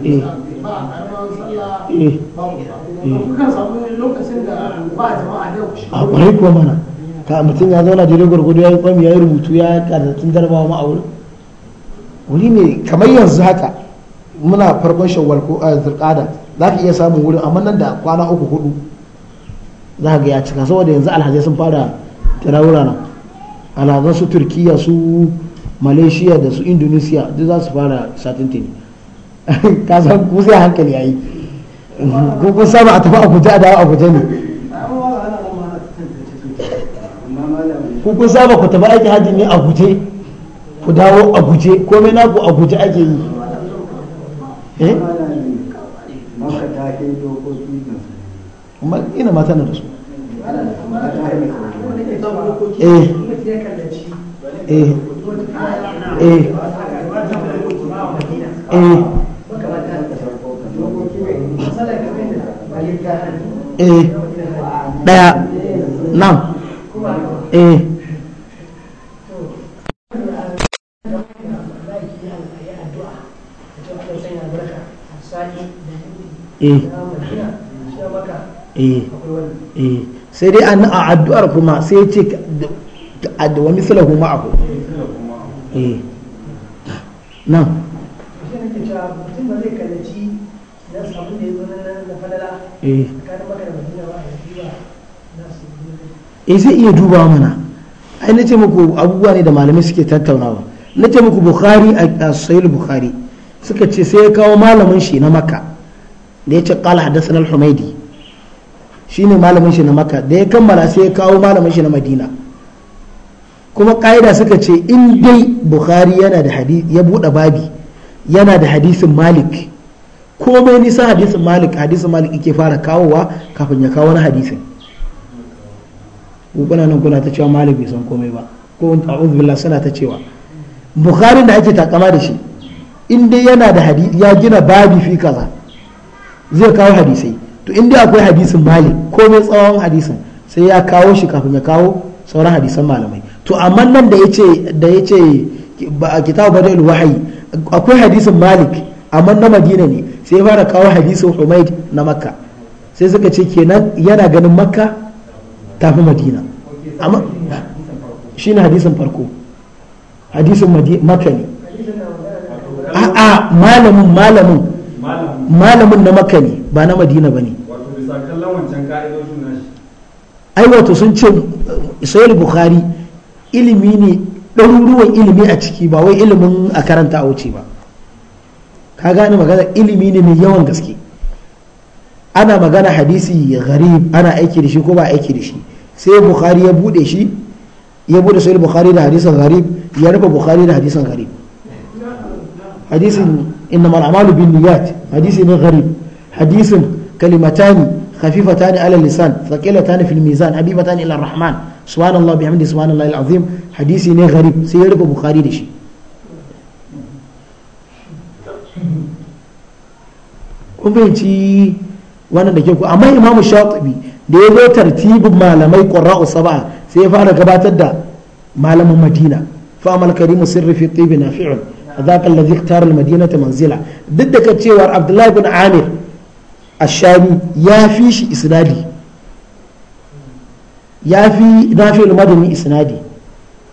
Speaker 1: a kuwa mana ka mutum ya zauna jirgin gwargwado ya yi kwami ya yi rubutu ya karatun jarabawa a wurin wuri ne kamar yanzu haka muna farkon shawwal ko zirkada za ka iya samun wurin amma nan da kwana uku hudu za ga ya cika saboda yanzu alhazai sun fara tirawura na alhazan su turkiya su malaysia da su indonesia duk za su fara satin tini ka san ku sai hankali yayi ko kun saba a tafi a guje a dawo a guje ne ku kun saba ku tafi aiki hajji ne a guje ku dawo a guje komai naku a guje ake yi eh ina mata na da su eh eh eh eh eh daya nan eh. Eh. Eh. eh sai dai an a addu'ar kuma sai ce addu'a ma'ahu eh nan Eh. eh zai iya dubawa mana ai na ce muku abubuwa ne da malamai suke tattaunawa na ce muku bukhari a sayil bukhari suka ce sai ya kawo malamin shi na maka da ya ce qala hadathana al-humaidi shine malamin shi na maka da ya kammala sai ya kawo malamin shi na madina kuma ƙa'ida suka ce in dai bukhari yana da hadisi ya buɗe babi yana da hadisin malik komai nisa hadisin malik hadisin malik yake fara kawowa kafin ya kawo wani hadisin kuna nan kuna ta cewa malik bai san komai ba ko a'udhu billah suna ta cewa bukhari da ake takama da shi in dai yana da hadisi ya gina babi fi kaza zai kawo hadisai to in dai akwai hadisin malik komai tsawon hadisin sai ya kawo shi kafin ya kawo sauran hadisan malamai to amma nan da yace da yace ba kitabu badal wahayi akwai hadisin malik amma na madina ne sai fara kawo hadisin humaid na makka sai suka ce kenan yana ganin makka ta fi madina amma shi ne hadisin farko hadisin makka ne a'a malamin malamin malamin na makka ne ba na madina ba ne ai wato sun ce sayar bukhari ilimi ne ɗaruruwan ilimi a ciki ba wai ilimin a karanta a wuce ba ka gane magana ilimi ne mai yawan gaske ana magana hadisi gharib ana aiki da shi ko ba aiki da shi sai bukhari ya bude shi ya bude sai bukhari da hadisan gharib ya rufe bukhari da hadisan gharib hadisin innama al'amalu bin niyyat hadisi ne gharib hadisin kalimatani خفيفتان على اللسان ثقيلتان في الميزان حبيبتان الى الرحمن سبحان الله hadisi ne الله sai ya rufe سيرك da shi. kun fahimci wannan da ke ku amma imamu shatibi da ya zo tartibin malamai ƙwararru saba sai ya fara gabatar da malamin madina fa'amal karimu sirri fi tibi na fi'il za ka lazi tara madina ta manzila duk da ka cewa abdullahi bin amir a shami ya fi shi isnadi ya fi nafi'ul madani isnadi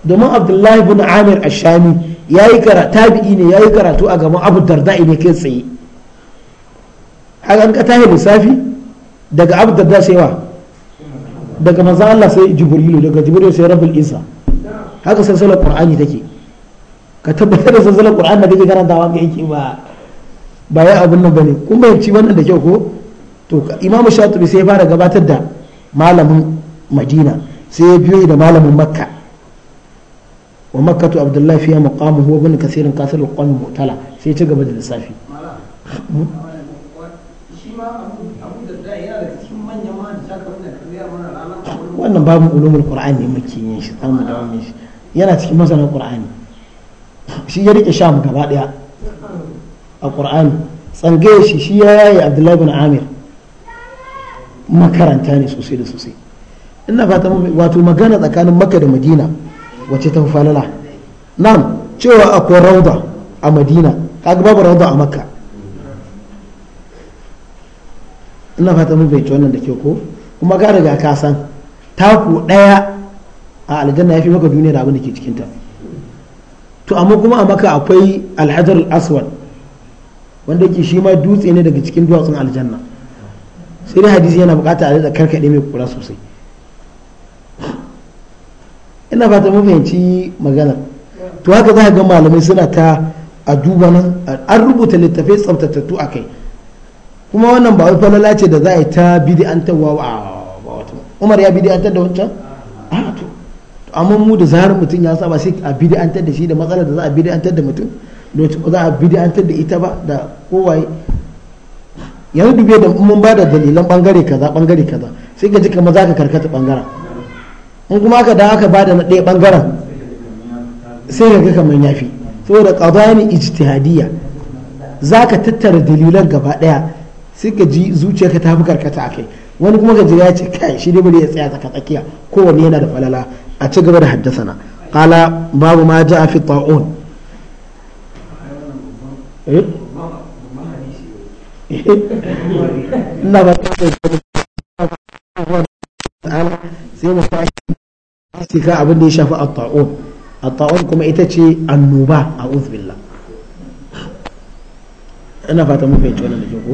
Speaker 1: domin abdullahi bin amir a shami ya yi karatu a gaban abu darda ne kai tsaye haka an ka tahi lissafi daga abu da sai wa daga manzan Allah sai jibrilu daga jibrilu sai rabbul isa haka sansalar qur'ani take ka tabbatar da sansalar qur'ani da kake karantawa ga yake ba ba ya abun nan bane kun ci wannan da kyau ko to imam shatibi sai ya fara gabatar da malamin madina sai ya biyo da malamin makka wa makkatu abdullahi fiya maqamu huwa bin kasirin kasal qawmi mutala sai ya ci gaba da lissafi wannan babu ulumul qur'ani ne muke yin shi zamu dawo min shi yana cikin masanin qur'ani shi ya rike sham gaba daya a qur'ani tsangaye shi shi ya yaye abdullahi bin amir makaranta ne sosai da sosai ina fata wato magana tsakanin makka da madina wace ta falala nan cewa akwai rauda a madina kaga babu rauda a makka ina fata mun bai wannan da ke ko kuma ka riga ka san taku ɗaya a aljanna fi maka duniya da abin da ke cikin ta to amma kuma a maka akwai alhajar aswad wanda ke shi ma dutse ne daga cikin duwatsun aljanna sai dai hadisi yana bukata a da karkade mai kura sosai ina fata mun fahimci magana to haka za ka ga malamai suna ta a duba nan an rubuta littafai tsaftatattu a kai kuma wannan ba wai falala ce da za a yi ta bid'antarwa wa wata umar ya bid'antar da wancan a to amma mu da zahar mutum ya saba sai a bid'antar da shi da matsalar da za a bid'antar da mutum da za a bid'antar da ita ba da kowaye yanzu dube da mun ba da dalilan bangare kaza bangare kaza sai ka ji kamar za ka karkata bangaren in kuma aka da aka ba da na ɗaya bangaren sai ka ga kamar yafi saboda qadani ijtihadiyya za ka tattara dalilan gaba ɗaya sai ka ji zuciyarka ta fi a kai wani kuma gaji ya ce kai shi ne bari ya tsaya tsaka tsakiya kowanne yana da falala a ci gaba da haddasana qala babu ma ja'a fi ta'un eh? Eh? ina ba sai mu fashi ka abin da ya shafi at-ta'un at-ta'un kuma ita ce annuba. a uzbillah ina fata mun fahimci wannan da ke ko